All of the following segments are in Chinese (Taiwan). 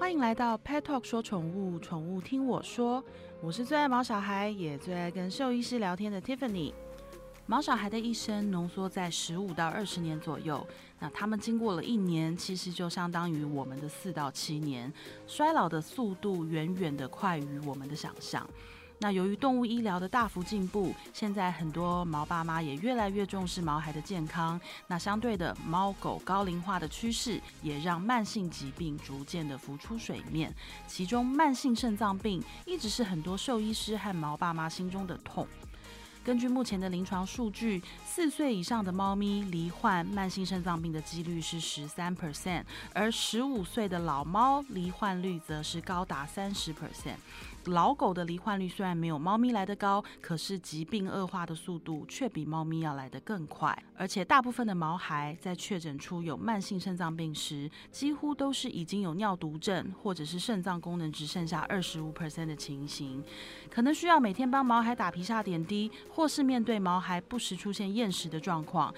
歡迎來到 Pet Talk 說寵物，寵物聽我說。我是最愛毛小孩，也最愛跟獸醫師聊天的 Tiffany。毛小孩的一生濃縮在十五到二十年左右，那他們經過了一年，其實就相當於我們的四到七年，衰老的速度遠遠的快於我們的想象。那由於動物醫療的大幅進步，現在很多毛爸媽也越來越重視毛孩的健康。那相對的，貓狗高齡化的趨勢也讓慢性疾病逐漸的浮出水面。其中，慢性腎臟病一直是很多獸醫師和毛爸媽心中的痛。根據目前的臨床數據，四歲以上的貓咪罹患慢性腎臟病的幾率是十三 percent，而十五歲的老貓罹患率則是高達三十 percent。老狗的罹患率雖然沒有貓咪來得高，可是疾病惡化的速度卻比貓咪要來得更快。而且大部分的毛孩在確診出有慢性腎臟病時，幾乎都是已經有尿毒症或者是腎臟功能只剩下二十五 percent 的情形，可能需要每天幫毛孩打皮下點滴，或是面對毛孩不時出現厭食的狀況。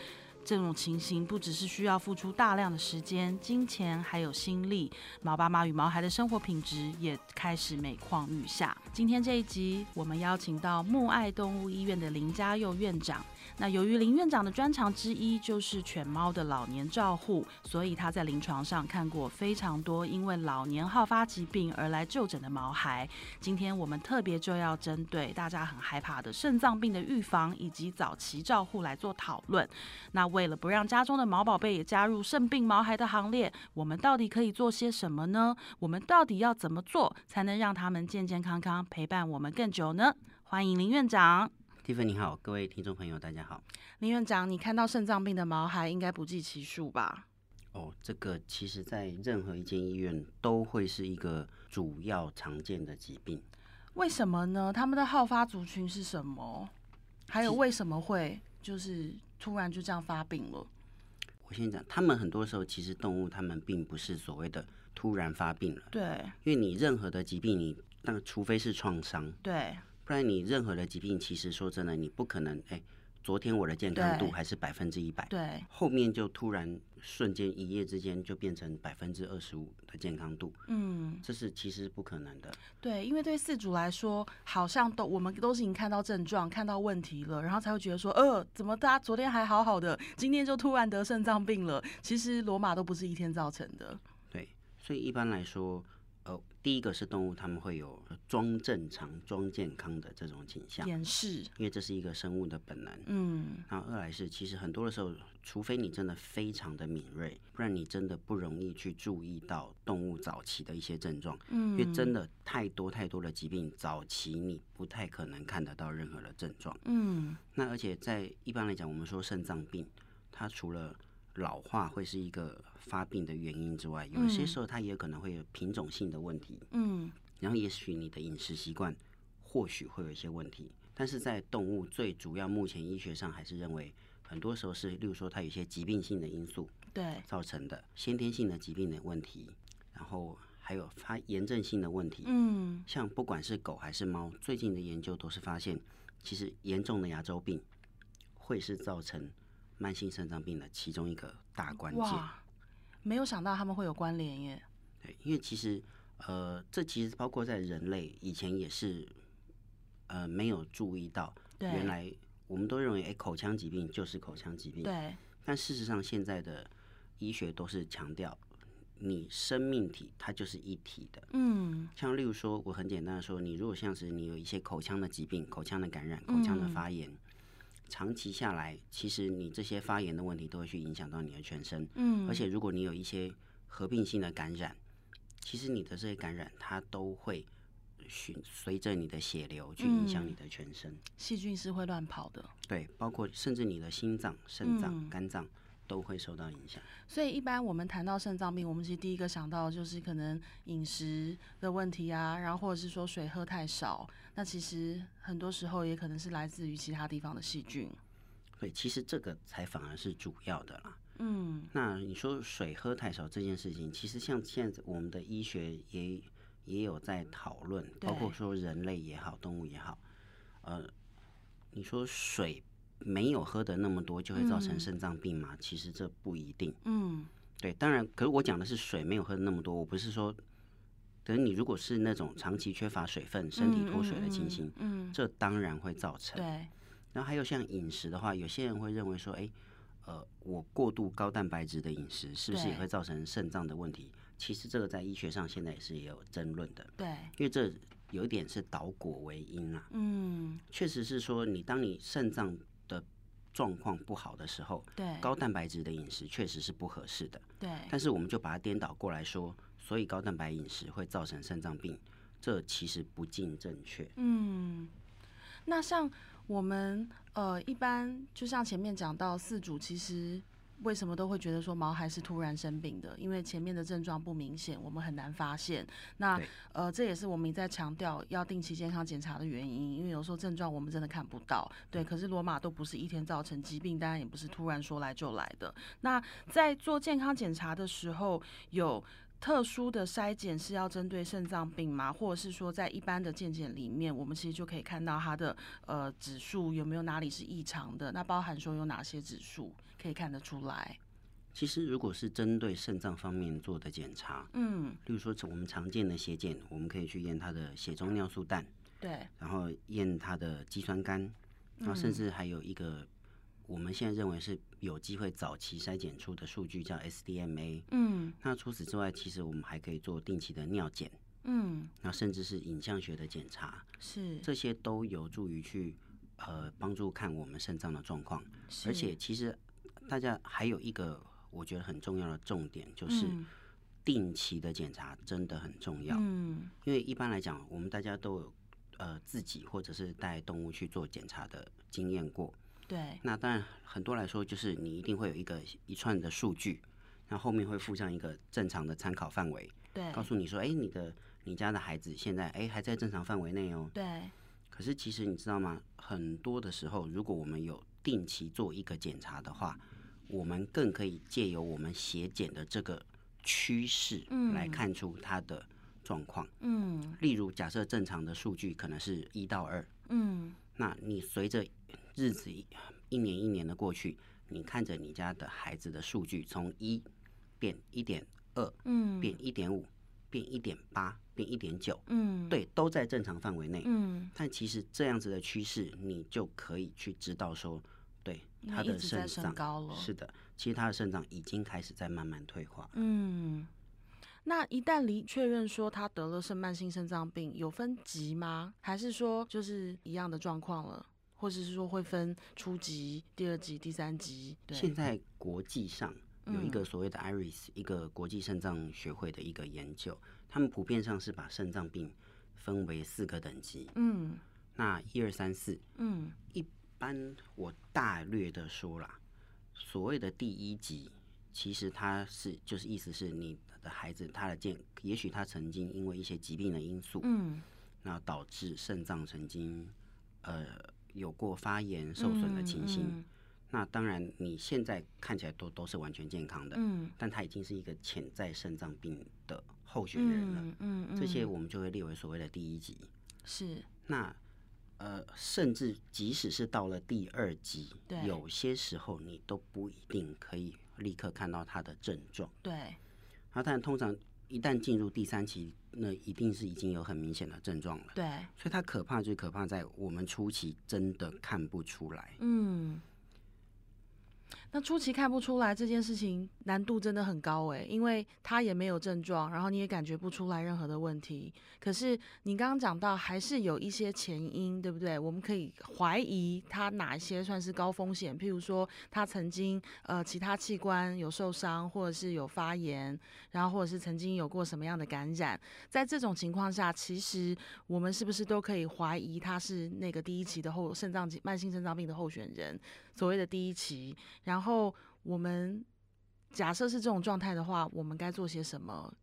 這種情形不只是需要付出大量的時間、金錢、還有心力。毛爸媽與毛孩的生活品質也開始每況愈下。今天這一集，我們邀請到沐愛動物醫院的林家佑院長。那由於林院長的專長之一就是犬貓的老年照護，所以他在臨床上看過非常多因為老年好發疾病而來就診的毛孩。今天我們特別就要針對大家很害怕的腎臟病的預防以及早期照護來做討論。那為了不讓家中的毛寶貝也加入腎病毛孩的行列，我們到底可以做些什麼呢？我們到底要怎麼做才能讓他們健健康康陪伴我們更久呢？歡迎林院長。Tiffany 你好，各位聽眾朋友，大家好。林院長，你看到腎臟病的毛孩應該不計其數吧？哦，這個其實在任何一間醫院都會是一個主要常見的疾病。為什麼呢？他們的好發族群是什麼？還有為什麼會就是突然就這樣發病了？我先講，他們很多時候其實動物他們並不是所謂的突然發病了。對，因為你任何的疾病你，你那除非是創傷。對。不然你任何的疾病，其實說真的，你不可能哎，昨天我的健康度還是百分之一百，對，後面就突然瞬間一夜之間就變成百分之二十五的健康度，嗯，這是其實不可能的。對，因為對飼主來說，好像都我們都是已經看到症狀、看到問題了，然後才會覺得說，呃，怎麼大家昨天還好好的，今天就突然得腎臟病了？其實羅馬都不是一天造成的。對，所以一般來說。第一個是動物，它們會有裝正常、裝健康的這種傾向，也是。因為這是一個生物的本能。嗯，然後二來是，其實很多的時候，除非你真的非常的敏銳，不然你真的不容易去注意到動物早期的一些症狀。嗯，因為真的太多太多的疾病，早期你不太可能看得到任何的症狀。嗯，那而且在一般來講，我們說腎臟病，它除了老化會是一個發病的原因之外，有些時候它也可能會有品種性的問題。嗯，然後也許你的飲食習慣或許會有一些問題，但是在動物最主要目前醫學上還是認為，很多時候是例如說它有一些疾病性的因素對造成的先天性的疾病的問題，嗯，然後還有發炎症性的問題。嗯，像不管是狗還是貓，最近的研究都是發現，其實嚴重的牙周病會是造成。慢性腎臟病的其中一個大關鍵。哇，沒有想到他們會有關聯耶。對，因為其實，呃，這其實包括在人類以前也是，呃，沒有注意到，對原來我們都認為，誒、欸，口腔疾病就是口腔疾病。對。但事實上，現在的醫學都是強調，你生命體它就是一體的。嗯。像例如說，我很簡單的說，你如果像是你有一些口腔的疾病、口腔的感染、口腔的發炎。嗯長期下來，其實你這些發炎的問題都會去影響到你的全身。嗯，而且如果你有一些合併性的感染，其實你的這些感染它都會隨着你的血流去影響你的全身。嗯、細菌是會亂跑的。對，包括甚至你的心臟、腎臟、嗯、肝臟都會受到影響。所以一般我們談到腎臟病，我們其實第一個想到就是可能飲食的問題啊，然後或者是說水喝太少。那其實很多時候也可能是來自於其他地方的細菌，對，其實這個才反而是主要的啦。嗯，那你說水喝太少這件事情，其實像現在我們的醫學也也有在討論，對包括說人類也好，動物也好，呃，你說水沒有喝的那麼多就會造成腎臟病嗎？嗯，其實這不一定。嗯，對，當然，可是我講的是水沒有喝那麼多，我不是說。等於你如果是那種長期缺乏水分、身體脫水的情形，嗯，嗯，嗯這當然會造成。對，然後還有像飲食的話，有些人會認為說，哎，呃，我過度高蛋白質的飲食是不是也會造成腎臟的問題？對其實這個在醫學上現在也是也有爭論的。對，因為這有點是倒果為因啊。嗯，確實是說，你當你腎臟的狀況不好的時候，對，高蛋白質的飲食確實是不合適的。對，但是我們就把它顛倒過來說。所以高蛋白飲食會造成腎臟病，這其實不盡正確。嗯，那像我們呃一般，就像前面講到四組，其實為什麼都會覺得說毛孩是突然生病的？因為前面的症狀不明顯，我們很難發現。那對呃這也是我們一再強調要定期健康檢查的原因，因為有時候症狀我們真的看不到。對，可是羅馬都不是一天造成疾病，當然也不是突然說來就來的。那在做健康檢查的時候有。特殊的篩檢是要針對腎臟病嗎？或者是說，在一般的健檢裡面，我們其實就可以看到它的呃指數有沒有哪裡是異常的？那包含說有哪些指數可以看得出來？其實如果是針對腎臟方面做的檢查，嗯，例如說我們常見的血檢，我們可以去驗它的血中尿素氮，對，然後驗它的肌酸酐，然後甚至還有一個。我們現在認為是有機會早期篩檢出的數據叫 SDMA。嗯，那除此之外，其實我們還可以做定期的尿檢。嗯，那甚至是影像學的檢查。是，這些都有助於去呃幫助看我們腎臟的狀況。是，而且其實大家還有一個我覺得很重要的重點，就是定期的檢查真的很重要。嗯，因為一般來講，我們大家都有呃自己或者是帶動物去做檢查的經驗過。對，那當然很多來說，就是你一定會有一個一串的數據，那後面會附上一個正常的參考範圍，對，告訴你說，哎、欸，你的你家的孩子現在哎、欸、還在正常範圍內哦，對。可是其實你知道嗎？很多的時候，如果我們有定期做一個檢查的話，我們更可以借由我們血檢的這個趨勢來看出它的狀況。嗯，嗯。例如，假設正常的數據可能是一到二，嗯。那你隨着日子一年一年的過去，你看着你家的孩子的數據從一變一點二，變一點五，變一點八，變一點九，對，都在正常範圍內，嗯，但其實這樣子的趨勢，你就可以去知道說，對，高了，他的腎臟是的，其實他的腎臟已經開始在慢慢退化，嗯。那一旦你確認說他得了腎慢性腎臟病，有分級嗎？還是說就是一樣的狀況了，或者是說會分初級、第二級、第三級？對，現在國際上有一個所謂的 IRIS，嗯，一個國際腎臟學會的一個研究，他們普遍上是把腎臟病分為四個等級。嗯，那一二三四。嗯，一般我大略的說了，所謂的第一級，其實它是就是意思是你。的孩子，他的健，也許他曾經因為一些疾病的因素，嗯，那導致腎臟曾經，呃，有過發炎受損的情形。嗯嗯、那當然，你現在看起來都都是完全健康的，嗯，但他已經是一個潛在腎臟病的候選人了。嗯，嗯，嗯，這些我們就會列為所謂的第一級。是。那，呃，甚至即使是到了第二級，對，有些時候你都不一定可以立刻看到他的症狀。對。他但，通常一旦進入第三期，那一定是已經有很明顯的症狀了。對，所以他可怕就可怕在我們初期真的看不出來。嗯。那初期看不出來這件事情難度真的很高欸。因為他也沒有症狀，然後你也感覺不出來任何的問題。可是你剛剛講到，還是有一些前因，對不對？我們可以懷疑他哪一些算是高風險，譬如說他曾經呃其他器官有受傷，或者是有發炎，然後或者是曾經有過什麼樣的感染。在這種情況下，其實我們是不是都可以懷疑他是那個第一期的後腎臟慢性腎臟病的候選人？所謂的第一期，然後。然後我們假設是這種狀態的話，我們該做些什麼？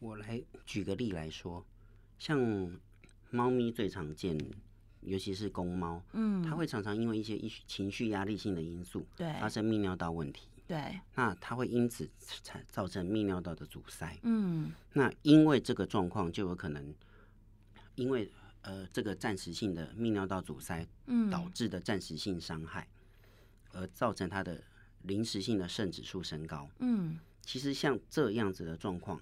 我來舉個例來說，像貓咪最常見，尤其是公貓，嗯，它會常常因為一些情緒壓力性的因素，對，發生泌尿道問題，對，那它會因此產造成泌尿道的阻塞，嗯，那因為這個狀況就有可能因為呃這個暫時性的泌尿道阻塞，嗯，導致的暫時性傷害。嗯而造成它的臨時性的腎指數升高。嗯，其實像這樣子的狀況，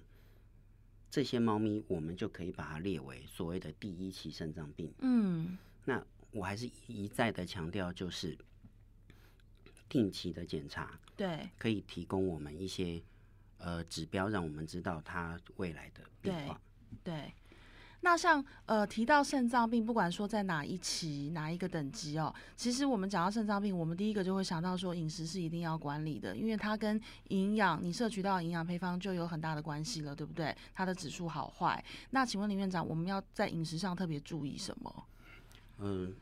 這些貓咪我們就可以把它列為所謂的第一期腎臟病。嗯，那我還是一再的強調，就是定期的檢查，對，可以提供我們一些呃指標，讓我們知道它未來的變化。對。對那像呃提到腎臟病，不管說在哪一期哪一個等級哦，其實我們講到腎臟病，我們第一個就會想到說飲食是一定要管理的，因為它跟營養你攝取到的營養配方就有很大的關係了，對不對？它的指數好壞。那請問林院長，我們要在飲食上特別注意什麼？嗯，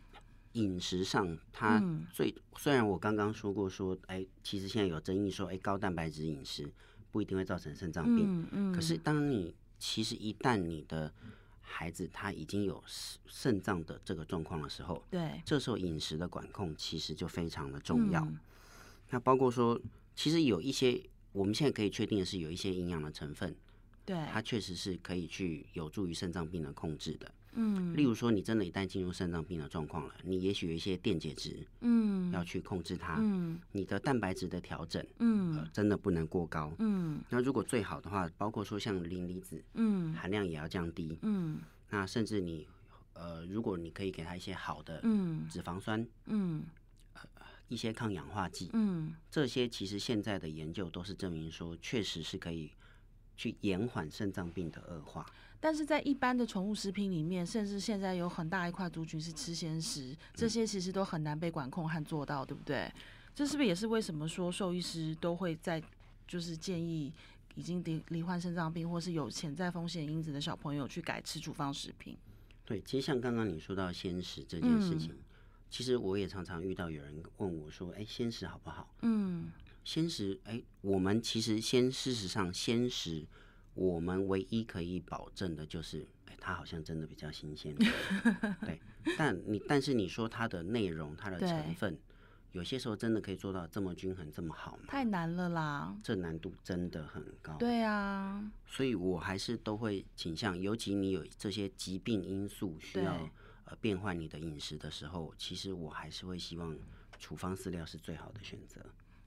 飲食上它最雖然我剛剛說過說，哎，其實現在有爭議說，哎，高蛋白質飲食不一定會造成腎臟病，嗯，嗯，可是當你其實一旦你的孩子他已經有腎臟的這個狀況的時候，對，這時候飲食的管控其實就非常的重要。嗯。那包括說，其實有一些我們現在可以確定的是，有一些營養的成分，對，它確實是可以去有助於腎臟病的控制的。嗯，例如說，你真的一旦進入腎臟病的狀況了，你也許有一些電解質，嗯，要去控制它，嗯，你的蛋白質的調整，嗯、呃，真的不能過高，嗯。那如果最好的話，包括說像磷離子，嗯，含量也要降低，嗯。那甚至你，呃，如果你可以給他一些好的，嗯，脂肪酸，嗯、呃，一些抗氧化劑，嗯，這些其實現在的研究都是證明說，確實是可以去延緩腎臟病的惡化。但是在一般的寵物食品裡面，甚至現在有很大一塊族群是吃鮮食，這些其實都很難被管控和做到，對不對？這是不是也是為什麼說獸醫師都會在就是建議已經罹罹患腎臟病或是有潛在風險因子的小朋友去改吃處方食品？對，其實像剛剛你說到鮮食這件事情，嗯、其實我也常常遇到有人問我說：“哎，鮮食好不好？”嗯，鮮食，哎，我們其實先事實上鮮食。我們唯一可以保證的就是，哎、欸，它好像真的比較新鮮，對， 對。但你，但是你說它的內容、它的成分，對有些時候真的可以做到這麼均衡、這麼好嗎？太難了啦，這難度真的很高。對啊，所以我還是都會傾向，尤其你有這些疾病因素需要對呃變換你的飲食的時候，其實我還是會希望處方飼料是最好的選擇。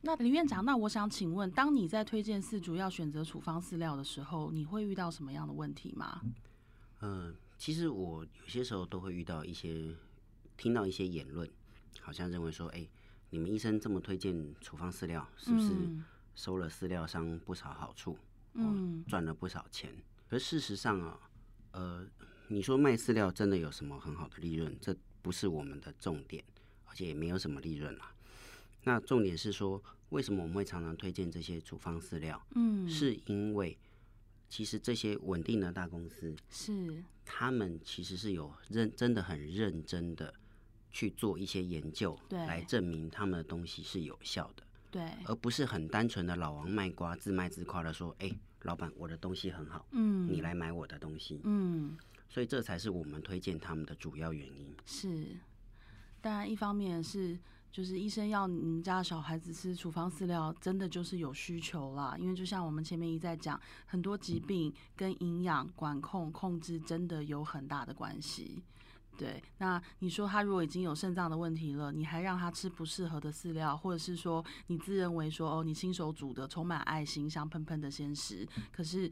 那林院長，那我想請問，當你在推薦飼主要選擇處方飼料的時候，你會遇到什麼樣的問題嗎？嗯、呃，其實我有些時候都會遇到一些聽到一些言論，好像認為說，哎、欸，你們醫生這麼推薦處方飼料，是不是收了飼料商不少好處？嗯，賺了不少錢。而事實上啊，呃，你說賣飼料真的有什麼很好的利潤？這不是我們的重點，而且也沒有什麼利潤啊。那重點是說，為什麼我們會常常推薦這些處方飼料？嗯，是因為其實這些穩定的大公司是他們其實是有認真的很認真的去做一些研究，對，來證明他們的東西是有效的，對，而不是很單純的老王賣瓜自賣自誇的說：“哎、欸，老板，我的東西很好，嗯，你來買我的東西。”嗯，所以這才是我們推薦他們的主要原因。是，當然一方面是。就是醫生要你們家的小孩子吃處方飼料，真的就是有需求啦。因為就像我們前面一再講，很多疾病跟營養管控控制真的有很大的關係。對，那你說他如果已經有腎臟的問題了，你還讓他吃不適合的飼料，或者是說你自認為說哦，你親手煮的充滿愛心、香噴噴的鮮食，可是。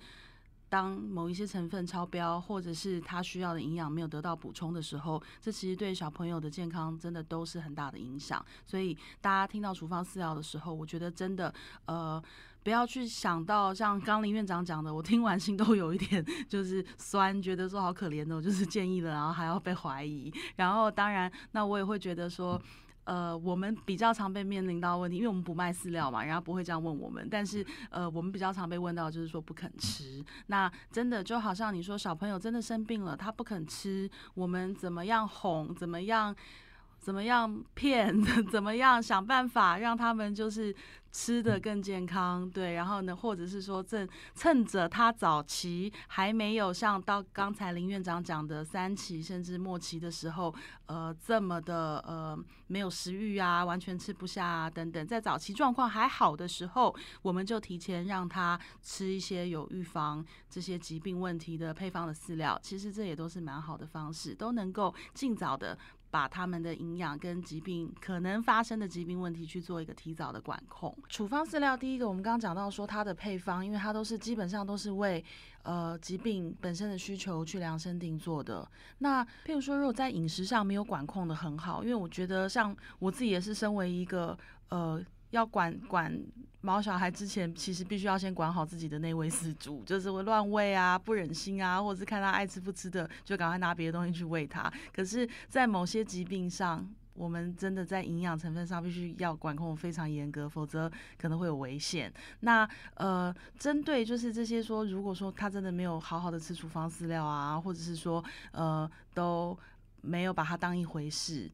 當某一些成分超標，或者是他需要的營養沒有得到補充的時候，這其實對小朋友的健康真的都是很大的影響。所以大家聽到處方飼料的時候，我覺得真的，呃，不要去想到像剛林院長講的，我聽完心都有一點就是酸，覺得說好可憐的，我就是建議了，然後還要被懷疑。然後當然，那我也會覺得說。呃，我們比較常被面臨到問題，因為我們不賣飼料嘛，人家不會這樣問我們。但是，呃，我們比較常被問到就是說不肯吃。那真的就好像你說，小朋友真的生病了，他不肯吃，我們怎麼樣哄？怎麼樣？怎麼樣騙？怎麼樣想辦法讓他們就是？吃得更健康，對，然後呢，或者是說正趁着他早期還沒有像到剛才林院長講的三期甚至末期的時候，呃，這麼的，呃，沒有食欲啊，完全吃不下啊。等等，在早期狀況還好的時候，我們就提前讓他吃一些有預防這些疾病問題的配方的飼料，其實這也都是蠻好的方式，都能夠盡早的。把他們的營養跟疾病可能發生的疾病問題去做一個提早的管控。處方飼料第一個，我們剛剛講到說它的配方，因為它都是基本上都是為呃疾病本身的需求去量身定做的。那譬如說，如果在飲食上沒有管控的很好，因為我覺得像我自己也是身為一個呃。要管管毛小孩之前，其實必須要先管好自己的那位飼主，就是會亂餵啊、不忍心啊，或者是看他愛吃不吃的，就趕快拿別的東西去餵他。可是，在某些疾病上，我們真的在營養成分上必須要管控非常嚴格，否則可能會有危險。那呃，針對就是這些說，如果說他真的沒有好好的吃處方飼料啊，或者是說呃都沒有把它當一回事，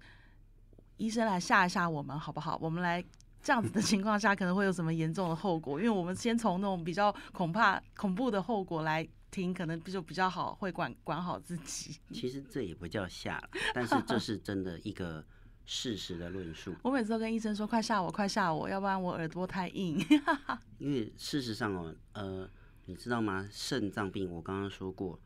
醫生來嚇一嚇我們好不好？我們來。這樣子的情況下可能會有什麼嚴重的後果？因為我們先從那種比較恐怕恐怖的後果來聽，可能就比較好會管管好自己。其實這也不叫嚇，但是這是真的一個事實的論述。 我每次都跟醫生說：“快嚇我，快嚇我，要不然我耳朵太硬。 ”因為事實上哦，呃，你知道嗎？腎臟病我剛剛說過。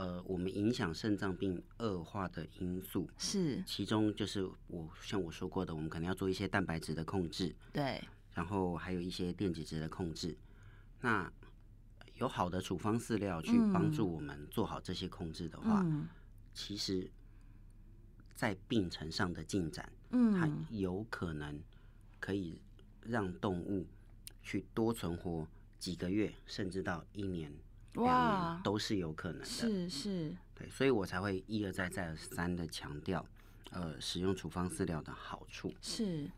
呃，我們影響腎臟病惡化的因素是其中，就是我像我說過的，我們可能要做一些蛋白質的控制，對，然後還有一些電解質的控制。那有好的處方飼料去幫助我們做好這些控制的話，嗯，其實在病程上的進展，嗯，它有可能可以讓動物去多存活幾個月，甚至到一年。哇 Wow,、嗯，都是有可能的，是是，是對，所以我才會一而再、再而三的強調，呃，使用處方飼料的好處是。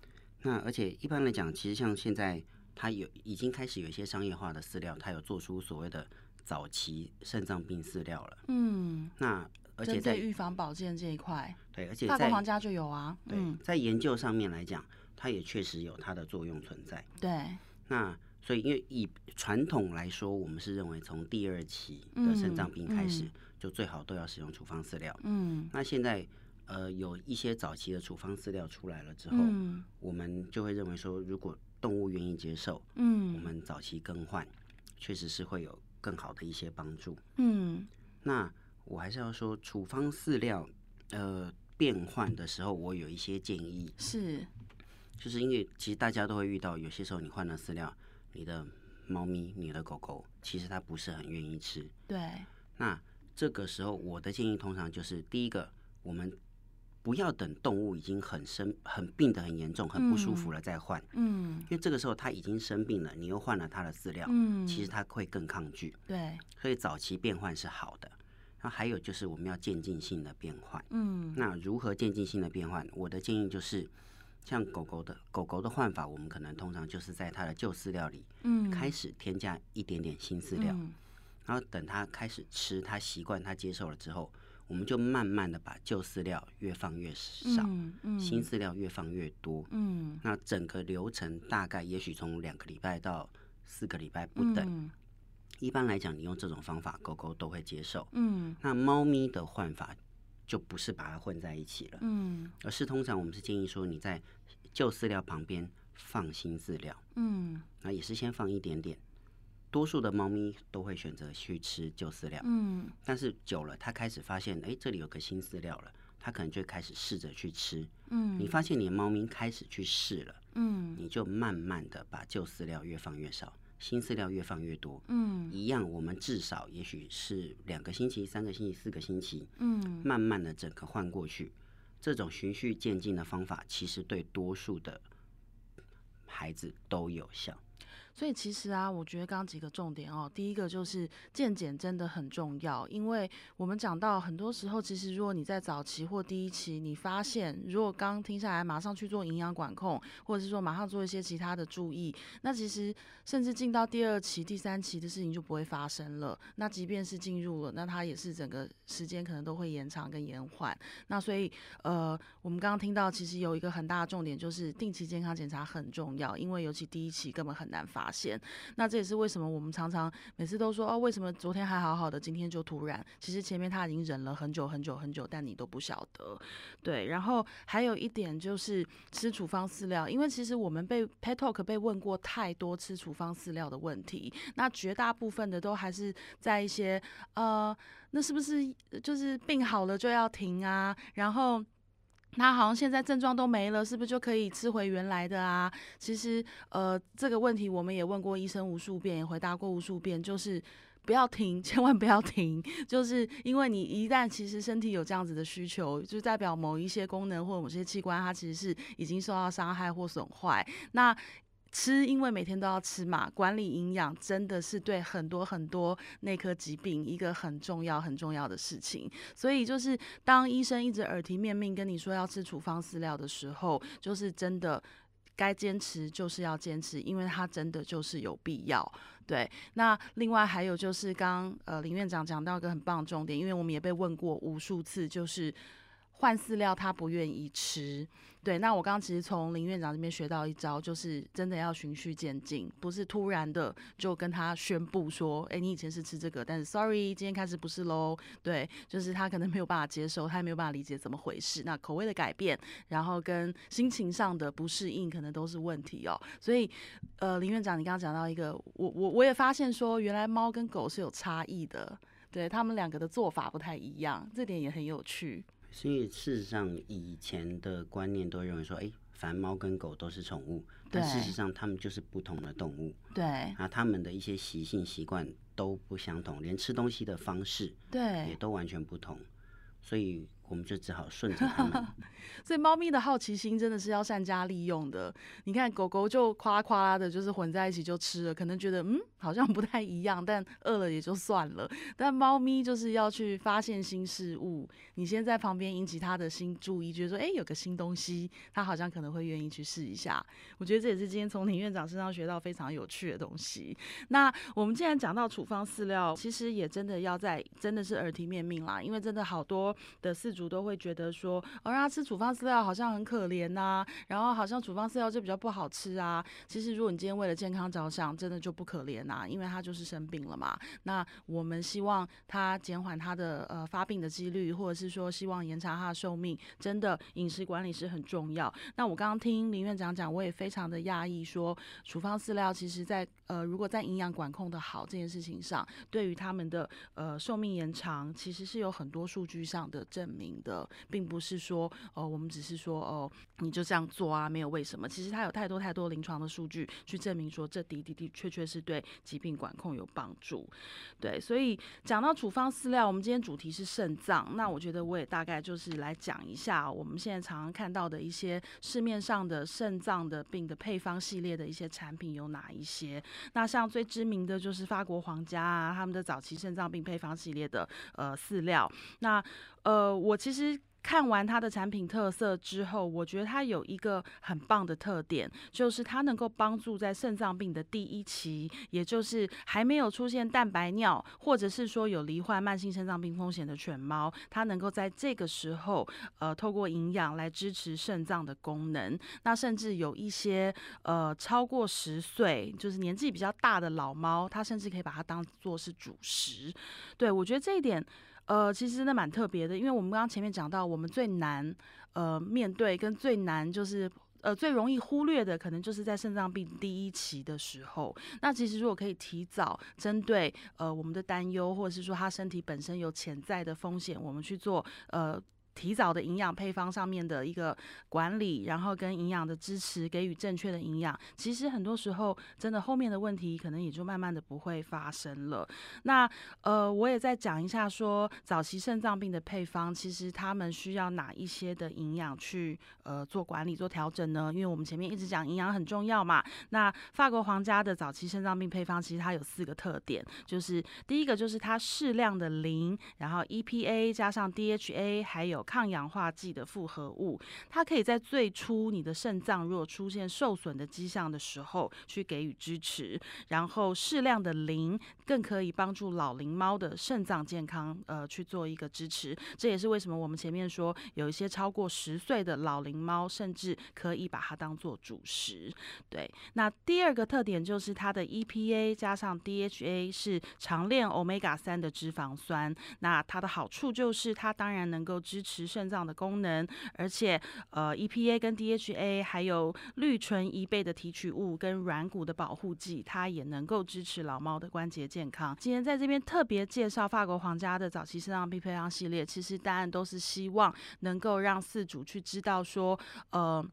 那而且一般來講，其實像現在，它有已經開始有一些商業化的飼料，它有做出所謂的早期腎臟病飼料了。嗯，那而且在預防保健這一塊，對，而且在。法國皇家就有啊，對，嗯、在研究上面來講，它也確實有它的作用存在。對，那。所以，因為以傳統來說，我們是認為從第二期的腎臟病開始，嗯嗯、就最好都要使用處方飼料。嗯，那現在呃有一些早期的處方飼料出來了之後，嗯、我們就會認為說，如果動物願意接受，嗯，我們早期更換，確實是會有更好的一些幫助。嗯，那我還是要說，處方飼料呃變換的時候，我有一些建議。是，就是因為其實大家都會遇到，有些時候你換了飼料。你的貓咪、你的狗狗，其實它不是很願意吃。對。那這個時候，我的建議通常就是：第一個，我們不要等動物已經很生、很病得很嚴重、很不舒服了再換。嗯。嗯。因為這個時候它已經生病了，你又換了他的飼料，嗯，其實它會更抗拒。對。所以早期變換是好的。那還有就是，我們要漸進性的變換。嗯。那如何漸進性的變換？我的建議就是。像狗狗的狗狗的換法，我們可能通常就是在它的舊飼料裡開始添加一點點新飼料，嗯，然後等它開始吃，它習慣它接受了之後，我們就慢慢的把舊飼料越放越少，嗯，嗯，新飼料越放越多，嗯，那整個流程大概也許從兩個禮拜到四個禮拜不等，嗯，一般來講，你用這種方法，狗狗都會接受，嗯，那貓咪的換法。就不是把它混在一起了，嗯，而是通常我們是建議說你在舊飼料旁邊放新飼料，嗯，那也是先放一點點，多數的貓咪都會選擇去吃舊飼料，嗯，但是久了它開始發現，哎，這裡有個新飼料了，它可能就開始試着去吃，嗯，你發現你的貓咪開始去試了，嗯，你就慢慢的把舊飼料越放越少。新飼料越放越多，嗯，一樣，我們至少也許是兩個星期、三個星期、四個星期，嗯，慢慢的整個換過去，這種循序漸進的方法，其實對多數的孩子都有效。所以其實啊，我覺得剛剛幾個重點哦，第一個就是健檢真的很重要，因為我們講到很多時候，其實如果你在早期或第一期，你發現如果剛聽下來馬上去做營養管控，或者是說馬上做一些其他的注意，那其實甚至進到第二期、第三期的事情就不會發生了。那即便是進入了，那它也是整個時間可能都會延長跟延緩。那所以呃，我們剛剛聽到其實有一個很大的重點就是定期健康檢查很重要，因為尤其第一期根本很難發。發現，那這也是為什麼我們常常每次都說哦，為什麼昨天還好好的，今天就突然？其實前面他已經忍了很久很久很久，但你都不曉得。對，然後還有一點就是吃處方飼料，因為其實我們被 Pet Talk 被問過太多吃處方飼料的問題，那絕大部分的都還是在一些呃，那是不是就是病好了就要停啊？然後。那好像現在症狀都沒了，是不是就可以吃回原來的啊？其實，呃，這個問題我們也問過醫生無數遍，也回答過無數遍，就是不要停，千萬不要停。就是因為你一旦其實身體有這樣子的需求，就代表某一些功能或某些器官它其實是已經受到傷害或損壞。那吃，因為每天都要吃嘛。管理營養真的是對很多很多內科疾病一個很重要很重要的事情。所以就是當醫生一直耳提面命跟你說要吃處方飼料的時候，就是真的該堅持就是要堅持，因為它真的就是有必要。對，那另外還有就是剛剛呃林院長講到一個很棒的重點，因為我們也被問過無數次，就是換飼料他不願意吃。對，那我剛剛其實從林院長這邊學到一招，就是真的要循序漸進，不是突然的就跟他宣布說，哎、欸，你以前是吃這個，但是 Sorry，今天開始不是嘍。對，就是他可能沒有辦法接受，他也沒有辦法理解怎麼回事。那口味的改變，然後跟心情上的不適應，可能都是問題哦。所以，呃，林院長，你剛剛講到一個，我我我也發現說，原來貓跟狗是有差異的，對他們兩個的做法不太一樣，這點也很有趣。所以事實上，以前的觀念都認為說，哎、欸，反正貓跟狗都是寵物，對但事實上，它們就是不同的動物。對，啊，它們的一些習性、習慣都不相同，連吃東西的方式，對，也都完全不同。對所以。我們就只好順着他 所以貓咪的好奇心真的是要善加利用的。你看狗狗就誇誇的，就是混在一起就吃了，可能覺得嗯好像不太一樣，但餓了也就算了。但貓咪就是要去發現新事物，你先在旁邊引起他的新注意，覺得說哎、欸、有個新東西，他好像可能會願意去試一下。我覺得這也是今天從林院長身上學到非常有趣的東西。那我們既然講到處方飼料，其實也真的要在真的是耳提面命啦，因為真的好多的飼主。都會覺得說，哦，讓他吃處方飼料好像很可憐吶、啊，然後好像處方飼料就比較不好吃啊。其實，如果你今天為了健康着想，真的就不可憐吶、啊，因為他就是生病了嘛。那我們希望他減緩他的呃發病的幾率，或者是說希望延長他的壽命，真的飲食管理是很重要。那我剛剛聽林院長講，我也非常的訝異，說處方飼料其實在。呃，如果在營養管控的好這件事情上，對於他們的呃壽命延長，其實是有很多數據上的證明的，並不是說哦、呃，我們只是說哦、呃，你就這樣做啊，沒有為什麼。其實它有太多太多臨床的數據去證明說，這的的的確確確是對疾病管控有幫助。對，所以講到處方飼料，我們今天主題是腎臟，那我覺得我也大概就是來講一下，我們現在常常看到的一些市面上的腎臟的病的配方系列的一些產品有哪一些。那像最知名的就是法國皇家啊，他們的早期腎臟病配方系列的呃飼料。那呃，我其實。看完它的產品特色之後，我覺得它有一個很棒的特點，就是它能夠幫助在腎臟病的第一期，也就是還沒有出現蛋白尿，或者是說有罹患慢性腎臟病風險的犬貓，它能夠在這個時候，呃，透過營養來支持腎臟的功能。那甚至有一些呃超過十歲，就是年紀比較大的老貓，它甚至可以把它當做是主食。對，我覺得這一點。呃，其實那蠻特別的，因為我們剛剛前面講到，我們最難呃面對跟最難就是呃最容易忽略的，可能就是在腎臟病第一期的時候。那其實如果可以提早針對呃我們的擔憂，或者是說他身體本身有潛在的風險，我們去做呃。提早的營養配方上面的一個管理，然後跟營養的支持，給予正確的營養，其實很多時候真的後面的問題可能也就慢慢的不會發生了。那呃，我也再講一下說早期腎臟病的配方，其實他們需要哪一些的營養去呃做管理做調整呢？因為我們前面一直講營養很重要嘛。那法國皇家的早期腎臟病配方其實它有四個特點，就是第一個就是它適量的磷，然後 EPA 加上 DHA 還有。抗氧化劑的複合物，它可以在最初你的腎臟若出現受損的跡象的時候去給予支持，然後適量的磷更可以幫助老齡貓的腎臟健康，呃，去做一個支持。這也是為什麼我們前面說有一些超過十歲的老齡貓，甚至可以把它當做主食。對，那第二個特點就是它的 EPA 加上 DHA 是長鏈 Omega 三的脂肪酸，那它的好處就是它當然能夠支持。持腎臟的功能，而且呃 EPA 跟 DHA 還有綠唇貽貝的提取物跟軟骨的保護劑，它也能夠支持老貓的關節健康。今天在這邊特別介紹法國皇家的早期腎臟病配方系列，其實當然都是希望能夠讓飼主去知道說，呃。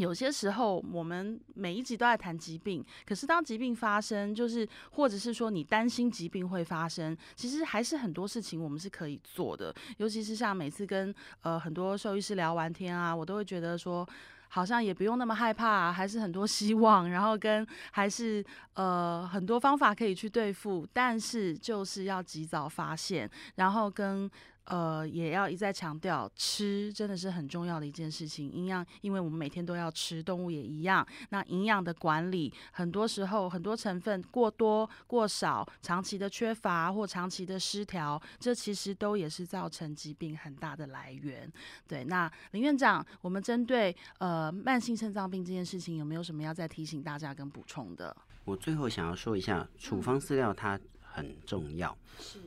有些時候，我們每一集都在談疾病，可是當疾病發生，就是或者是說你擔心疾病會發生，其實還是很多事情我們是可以做的。尤其是像每次跟呃很多獸醫師聊完天啊，我都會覺得說，好像也不用那麼害怕啊，還是很多希望，然後跟還是呃很多方法可以去對付，但是就是要及早發現，然後跟。呃，也要一再強調，吃真的是很重要的一件事情，營養，因為我們每天都要吃，動物也一樣。那營養的管理，很多時候很多成分過多、過少，長期的缺乏或長期的失調，這其實都也是造成疾病很大的來源。對，那林院長，我們針對呃慢性腎臟病這件事情，有沒有什麼要再提醒大家跟補充的？我最後想要說一下，處方飼料它。很重要，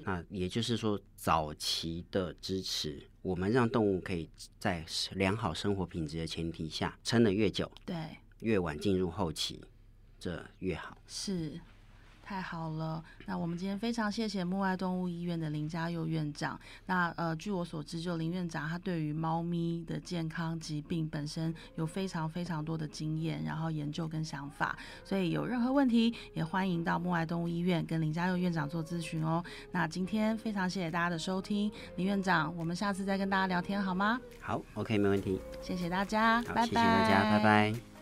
那也就是說，早期的支持，是我們讓動物可以在良好生活品質的前提下撐得越久，對，越晚進入後期，這越好。是。太好了，那我們今天非常謝謝沐愛動物醫院的林家佑院長。那呃，據我所知，就林院長他對於貓咪的健康疾病本身有非常非常多的經驗，然後研究跟想法。所以有任何問題，也歡迎到沐愛動物醫院跟林家佑院長做諮詢哦。那今天非常謝謝大家的收聽，林院長，我們下次再跟大家聊天好嗎？好，OK，沒問題，謝謝。謝謝大家，拜拜。謝謝大家，拜拜。